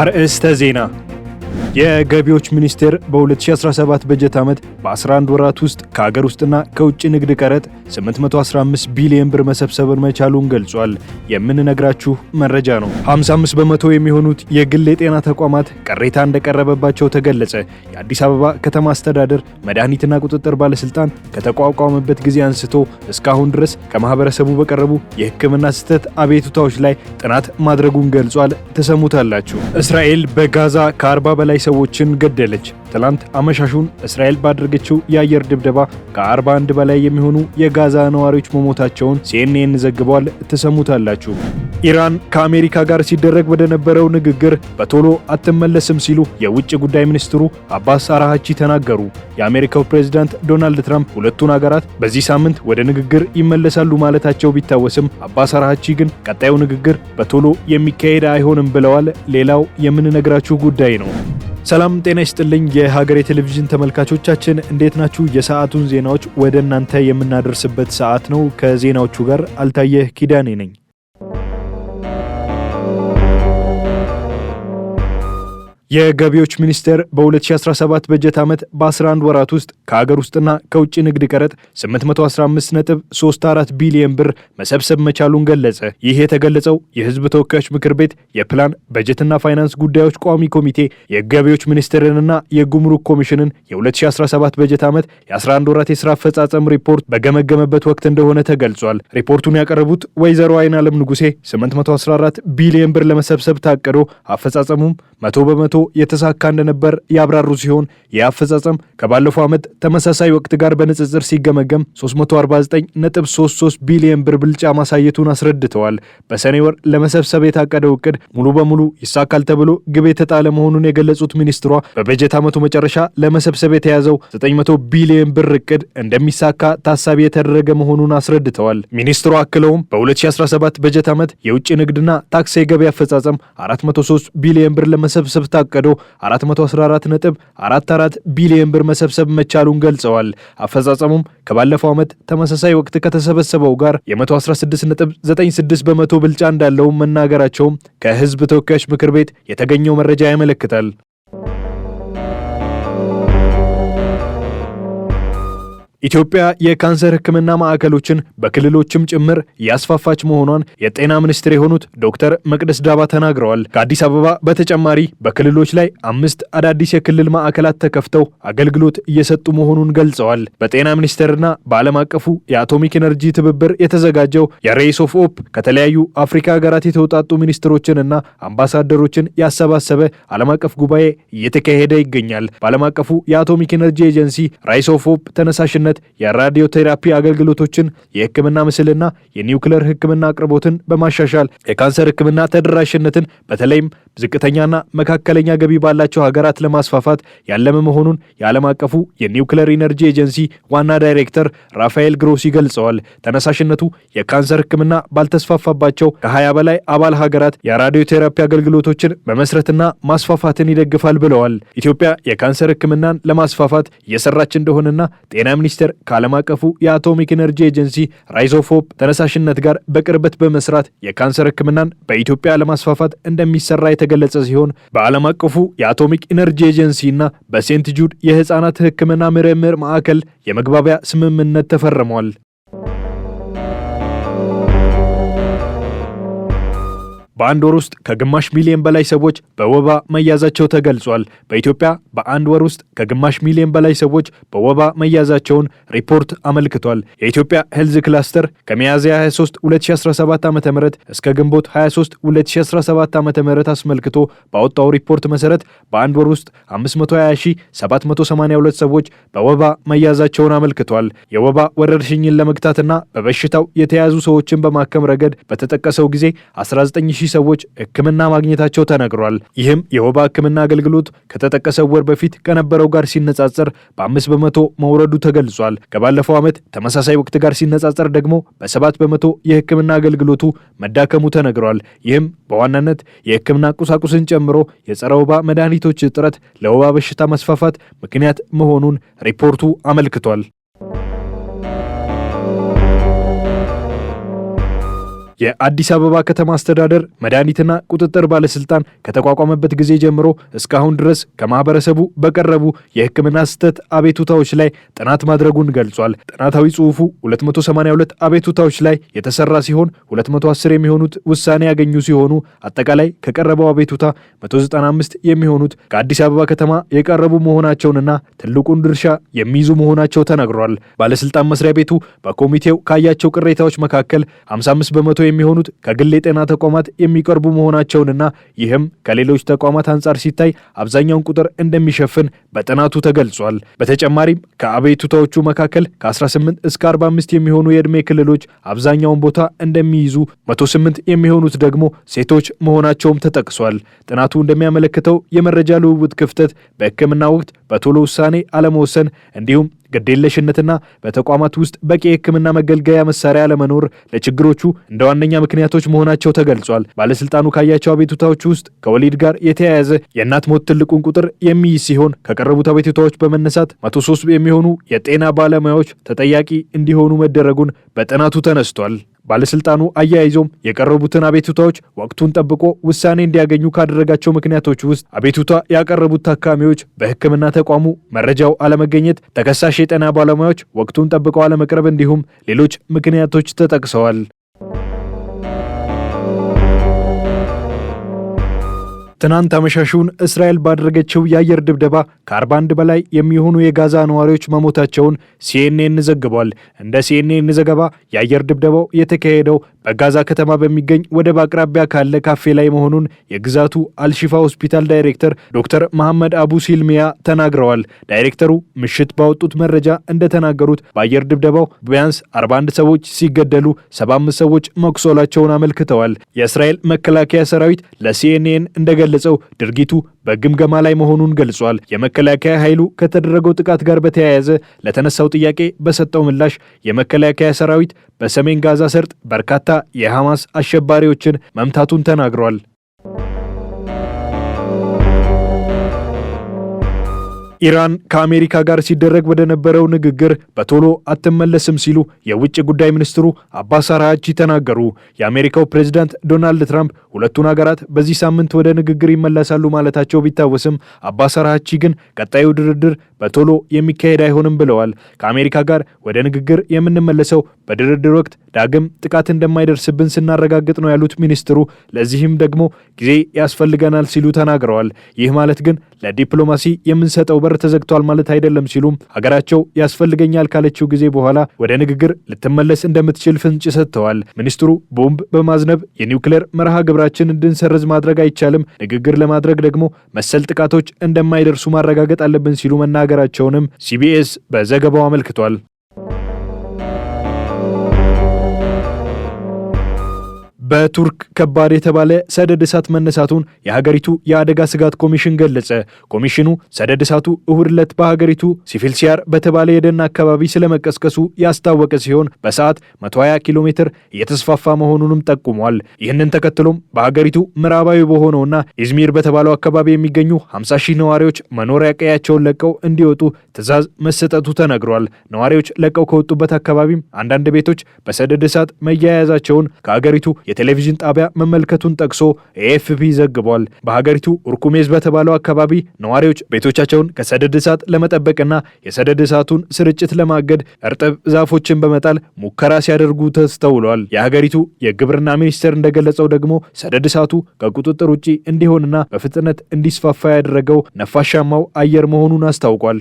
አርዕስተ ዜና የገቢዎች ሚኒስቴር በ2017 በጀት ዓመት በ11 ወራት ውስጥ ከሀገር ውስጥና ከውጭ ንግድ ቀረጥ 815 ቢሊዮን ብር መሰብሰብን መቻሉን ገልጿል። የምንነግራችሁ መረጃ ነው። 55 በመቶ የሚሆኑት የግል የጤና ተቋማት ቅሬታ እንደቀረበባቸው ተገለጸ። የአዲስ አበባ ከተማ አስተዳደር መድኃኒትና ቁጥጥር ባለስልጣን ከተቋቋመበት ጊዜ አንስቶ እስካሁን ድረስ ከማህበረሰቡ በቀረቡ የሕክምና ስህተት አቤቱታዎች ላይ ጥናት ማድረጉን ገልጿል። ተሰሙታላችሁ። እስራኤል በጋዛ ከ40 በላይ በላይ ሰዎችን ገደለች። ትላንት አመሻሹን እስራኤል ባደረገችው የአየር ድብደባ ከ41 በላይ የሚሆኑ የጋዛ ነዋሪዎች መሞታቸውን ሲኤንኤን ዘግቧል። ትሰሙታላችሁ። ኢራን ከአሜሪካ ጋር ሲደረግ ወደነበረው ንግግር በቶሎ አትመለስም ሲሉ የውጭ ጉዳይ ሚኒስትሩ አባስ አራሃቺ ተናገሩ። የአሜሪካው ፕሬዝዳንት ዶናልድ ትራምፕ ሁለቱን አገራት በዚህ ሳምንት ወደ ንግግር ይመለሳሉ ማለታቸው ቢታወስም አባስ አራሃቺ ግን ቀጣዩ ንግግር በቶሎ የሚካሄድ አይሆንም ብለዋል። ሌላው የምንነግራችሁ ጉዳይ ነው። ሰላም ጤና ይስጥልኝ የሀገሬ ቴሌቪዥን ተመልካቾቻችን እንዴት ናችሁ? የሰዓቱን ዜናዎች ወደ እናንተ የምናደርስበት ሰዓት ነው። ከዜናዎቹ ጋር አልታየህ ኪዳኔ ነኝ። የገቢዎች ሚኒስቴር በ2017 በጀት ዓመት በ11 ወራት ውስጥ ከሀገር ውስጥና ከውጭ ንግድ ቀረጥ 815.34 ቢሊዮን ብር መሰብሰብ መቻሉን ገለጸ። ይህ የተገለጸው የሕዝብ ተወካዮች ምክር ቤት የፕላን በጀትና ፋይናንስ ጉዳዮች ቋሚ ኮሚቴ የገቢዎች ሚኒስቴርንና የጉምሩክ ኮሚሽንን የ2017 በጀት ዓመት የ11 ወራት የስራ አፈጻጸም ሪፖርት በገመገመበት ወቅት እንደሆነ ተገልጿል። ሪፖርቱን ያቀረቡት ወይዘሮ አይን አለም ንጉሴ 814 ቢሊዮን ብር ለመሰብሰብ ታቅዶ አፈጻጸሙም መቶ በመቶ የተሳካ እንደነበር ያብራሩ ሲሆን ይህ አፈጻጸም ከባለፈው ዓመት ተመሳሳይ ወቅት ጋር በንጽጽር ሲገመገም 349.33 ቢሊዮን ብር ብልጫ ማሳየቱን አስረድተዋል። በሰኔ ወር ለመሰብሰብ የታቀደው እቅድ ሙሉ በሙሉ ይሳካል ተብሎ ግብ የተጣለ መሆኑን የገለጹት ሚኒስትሯ በበጀት ዓመቱ መጨረሻ ለመሰብሰብ የተያዘው 900 ቢሊዮን ብር እቅድ እንደሚሳካ ታሳቢ የተደረገ መሆኑን አስረድተዋል። ሚኒስትሯ አክለውም በ2017 በጀት ዓመት የውጭ ንግድና ታክስ የገቢ አፈጻጸም 403 ቢሊዮን ብር ለመ ለመሰብሰብ ታቀዶ 414.44 ቢሊዮን ብር መሰብሰብ መቻሉን ገልጸዋል። አፈጻጸሙም ከባለፈው ዓመት ተመሳሳይ ወቅት ከተሰበሰበው ጋር የ116.96 በመቶ ብልጫ እንዳለውም መናገራቸውም ከህዝብ ተወካዮች ምክር ቤት የተገኘው መረጃ ያመለክታል። ኢትዮጵያ የካንሰር ሕክምና ማዕከሎችን በክልሎችም ጭምር ያስፋፋች መሆኗን የጤና ሚኒስትር የሆኑት ዶክተር መቅደስ ዳባ ተናግረዋል። ከአዲስ አበባ በተጨማሪ በክልሎች ላይ አምስት አዳዲስ የክልል ማዕከላት ተከፍተው አገልግሎት እየሰጡ መሆኑን ገልጸዋል። በጤና ሚኒስቴርና በዓለም አቀፉ የአቶሚክ ኤነርጂ ትብብር የተዘጋጀው የሬስ ኦፍ ኦፕ ከተለያዩ አፍሪካ ሀገራት የተውጣጡ ሚኒስትሮችንና አምባሳደሮችን ያሰባሰበ ዓለም አቀፍ ጉባኤ እየተካሄደ ይገኛል። በዓለም አቀፉ የአቶሚክ ኤነርጂ ኤጀንሲ ራይስ ኦፍ ኦፕ ተነሳሽነት አማካኝነት የራዲዮ ቴራፒ አገልግሎቶችን፣ የህክምና ምስልና የኒውክለር ህክምና አቅርቦትን በማሻሻል የካንሰር ህክምና ተደራሽነትን በተለይም ዝቅተኛና መካከለኛ ገቢ ባላቸው ሀገራት ለማስፋፋት ያለመ መሆኑን የዓለም አቀፉ የኒውክለር ኢነርጂ ኤጀንሲ ዋና ዳይሬክተር ራፋኤል ግሮሲ ገልጸዋል። ተነሳሽነቱ የካንሰር ህክምና ባልተስፋፋባቸው ከ20 በላይ አባል ሀገራት የራዲዮ ቴራፒ አገልግሎቶችን መመስረትና ማስፋፋትን ይደግፋል ብለዋል። ኢትዮጵያ የካንሰር ህክምናን ለማስፋፋት እየሰራች እንደሆነና ጤና ሚኒስቴር ሚኒስቴር ከዓለም አቀፉ የአቶሚክ ኤነርጂ ኤጀንሲ ራይዝ ኦፍ ሆፕ ተነሳሽነት ጋር በቅርበት በመስራት የካንሰር ሕክምናን በኢትዮጵያ ለማስፋፋት እንደሚሰራ የተገለጸ ሲሆን በዓለም አቀፉ የአቶሚክ ኤነርጂ ኤጀንሲ እና በሴንት ጁድ የህፃናት ሕክምና ምርምር ማዕከል የመግባቢያ ስምምነት ተፈርመዋል። በአንድ ወር ውስጥ ከግማሽ ሚሊዮን በላይ ሰዎች በወባ መያዛቸው ተገልጿል። በኢትዮጵያ በአንድ ወር ውስጥ ከግማሽ ሚሊዮን በላይ ሰዎች በወባ መያዛቸውን ሪፖርት አመልክቷል። የኢትዮጵያ ሄልዝ ክላስተር ከሚያዝያ 23 2017 ዓ ም እስከ ግንቦት 23 2017 ዓ ም አስመልክቶ ባወጣው ሪፖርት መሰረት በአንድ ወር ውስጥ 520782 ሰዎች በወባ መያዛቸውን አመልክቷል። የወባ ወረርሽኝን ለመግታትና በበሽታው የተያዙ ሰዎችን በማከም ረገድ በተጠቀሰው ጊዜ 19 ሺህ ሰዎች ሕክምና ማግኘታቸው ተነግሯል። ይህም የወባ ሕክምና አገልግሎት ከተጠቀሰው ወር በፊት ከነበረው ጋር ሲነጻጸር በአምስት በመቶ መውረዱ ተገልጿል። ከባለፈው ዓመት ተመሳሳይ ወቅት ጋር ሲነጻጸር ደግሞ በሰባት በመቶ የሕክምና አገልግሎቱ መዳከሙ ተነግሯል። ይህም በዋናነት የሕክምና ቁሳቁስን ጨምሮ የጸረ ወባ መድኃኒቶች እጥረት ለወባ በሽታ መስፋፋት ምክንያት መሆኑን ሪፖርቱ አመልክቷል። የአዲስ አበባ ከተማ አስተዳደር መድኃኒትና ቁጥጥር ባለስልጣን ከተቋቋመበት ጊዜ ጀምሮ እስካሁን ድረስ ከማህበረሰቡ በቀረቡ የሕክምና ስህተት አቤቱታዎች ላይ ጥናት ማድረጉን ገልጿል። ጥናታዊ ጽሑፉ 282 አቤቱታዎች ላይ የተሰራ ሲሆን 210 የሚሆኑት ውሳኔ ያገኙ ሲሆኑ አጠቃላይ ከቀረበው አቤቱታ 195 የሚሆኑት ከአዲስ አበባ ከተማ የቀረቡ መሆናቸውንና ትልቁን ድርሻ የሚይዙ መሆናቸው ተነግሯል። ባለስልጣን መስሪያ ቤቱ በኮሚቴው ካያቸው ቅሬታዎች መካከል 55 በመቶ የሚሆኑት ከግል የጤና ተቋማት የሚቀርቡ መሆናቸውንና ይህም ከሌሎች ተቋማት አንጻር ሲታይ አብዛኛውን ቁጥር እንደሚሸፍን በጥናቱ ተገልጿል። በተጨማሪም ከአቤቱታዎቹ መካከል ከ18 እስከ 45 የሚሆኑ የዕድሜ ክልሎች አብዛኛውን ቦታ እንደሚይዙ፣ 108 የሚሆኑት ደግሞ ሴቶች መሆናቸውም ተጠቅሷል። ጥናቱ እንደሚያመለክተው የመረጃ ልውውጥ ክፍተት፣ በሕክምና ወቅት በቶሎ ውሳኔ አለመወሰን እንዲሁም ግዴለሽነትና በተቋማት ውስጥ በቂ የሕክምና መገልገያ መሳሪያ ለመኖር ለችግሮቹ እንደ ዋነኛ ምክንያቶች መሆናቸው ተገልጿል። ባለስልጣኑ ካያቸው አቤቱታዎች ውስጥ ከወሊድ ጋር የተያያዘ የእናት ሞት ትልቁን ቁጥር የሚይዝ ሲሆን ከቀረቡት አቤቱታዎች በመነሳት መቶ ሶስት የሚሆኑ የጤና ባለሙያዎች ተጠያቂ እንዲሆኑ መደረጉን በጥናቱ ተነስቷል። ባለስልጣኑ አያይዞም የቀረቡትን አቤቱታዎች ወቅቱን ጠብቆ ውሳኔ እንዲያገኙ ካደረጋቸው ምክንያቶች ውስጥ አቤቱታ ያቀረቡት ታካሚዎች በሕክምና ተቋሙ መረጃው አለመገኘት፣ ተከሳሽ የጤና ባለሙያዎች ወቅቱን ጠብቀው አለመቅረብ እንዲሁም ሌሎች ምክንያቶች ተጠቅሰዋል። ትናንት አመሻሹን እስራኤል ባደረገችው የአየር ድብደባ ከ41 በላይ የሚሆኑ የጋዛ ነዋሪዎች መሞታቸውን ሲኤንኤን ዘግቧል። እንደ ሲኤንኤን ዘገባ የአየር ድብደባው የተካሄደው በጋዛ ከተማ በሚገኝ ወደብ አቅራቢያ ካለ ካፌ ላይ መሆኑን የግዛቱ አልሺፋ ሆስፒታል ዳይሬክተር ዶክተር መሐመድ አቡ ሲልሚያ ተናግረዋል። ዳይሬክተሩ ምሽት ባወጡት መረጃ እንደተናገሩት በአየር ድብደባው ቢያንስ 41 ሰዎች ሲገደሉ 75 ሰዎች መቁሰላቸውን አመልክተዋል። የእስራኤል መከላከያ ሰራዊት ለሲኤንኤን እንደገ የገለጸው ድርጊቱ በግምገማ ላይ መሆኑን ገልጿል። የመከላከያ ኃይሉ ከተደረገው ጥቃት ጋር በተያያዘ ለተነሳው ጥያቄ በሰጠው ምላሽ የመከላከያ ሰራዊት በሰሜን ጋዛ ሰርጥ በርካታ የሐማስ አሸባሪዎችን መምታቱን ተናግሯል። ኢራን ከአሜሪካ ጋር ሲደረግ ወደ ነበረው ንግግር በቶሎ አትመለስም ሲሉ የውጭ ጉዳይ ሚኒስትሩ አባስ አራግቺ ተናገሩ። የአሜሪካው ፕሬዚዳንት ዶናልድ ትራምፕ ሁለቱን ሀገራት በዚህ ሳምንት ወደ ንግግር ይመለሳሉ ማለታቸው ቢታወስም አባስ አራግቺ ግን ቀጣዩ ድርድር በቶሎ የሚካሄድ አይሆንም ብለዋል። ከአሜሪካ ጋር ወደ ንግግር የምንመለሰው በድርድር ወቅት ዳግም ጥቃት እንደማይደርስብን ስናረጋግጥ ነው ያሉት ሚኒስትሩ ለዚህም ደግሞ ጊዜ ያስፈልገናል ሲሉ ተናግረዋል። ይህ ማለት ግን ለዲፕሎማሲ የምንሰጠው በር ተዘግቷል ማለት አይደለም ሲሉም ሀገራቸው ያስፈልገኛል ካለችው ጊዜ በኋላ ወደ ንግግር ልትመለስ እንደምትችል ፍንጭ ሰጥተዋል። ሚኒስትሩ ቦምብ በማዝነብ የኒውክሌር መርሃ ግብራችን እንድንሰርዝ ማድረግ አይቻልም፣ ንግግር ለማድረግ ደግሞ መሰል ጥቃቶች እንደማይደርሱ ማረጋገጥ አለብን ሲሉ መናገ መናገራቸውንም ሲቢኤስ በዘገባው አመልክቷል። በቱርክ ከባድ የተባለ ሰደድ እሳት መነሳቱን የሀገሪቱ የአደጋ ስጋት ኮሚሽን ገለጸ። ኮሚሽኑ ሰደድ እሳቱ እሁድ ዕለት በሀገሪቱ ሲፊልሲያር በተባለ የደን አካባቢ ስለመቀስቀሱ ያስታወቀ ሲሆን በሰዓት 120 ኪሎ ሜትር እየተስፋፋ መሆኑንም ጠቁሟል። ይህንን ተከትሎም በሀገሪቱ ምዕራባዊ በሆነውና ኢዝሚር በተባለው አካባቢ የሚገኙ 50 ሺህ ነዋሪዎች መኖሪያ ቀያቸውን ለቀው እንዲወጡ ትዕዛዝ መሰጠቱ ተነግሯል። ነዋሪዎች ለቀው ከወጡበት አካባቢም አንዳንድ ቤቶች በሰደድ እሳት መያያዛቸውን ከሀገሪቱ የቴሌቪዥን ጣቢያ መመልከቱን ጠቅሶ ኤኤፍፒ ዘግቧል። በሀገሪቱ ኡርኩሜዝ በተባለው አካባቢ ነዋሪዎች ቤቶቻቸውን ከሰደድ እሳት ለመጠበቅና የሰደድ እሳቱን ስርጭት ለማገድ እርጥብ ዛፎችን በመጣል ሙከራ ሲያደርጉ ተስተውሏል። የሀገሪቱ የግብርና ሚኒስቴር እንደገለጸው ደግሞ ሰደድ እሳቱ ከቁጥጥር ውጪ እንዲሆንና በፍጥነት እንዲስፋፋ ያደረገው ነፋሻማው አየር መሆኑን አስታውቋል።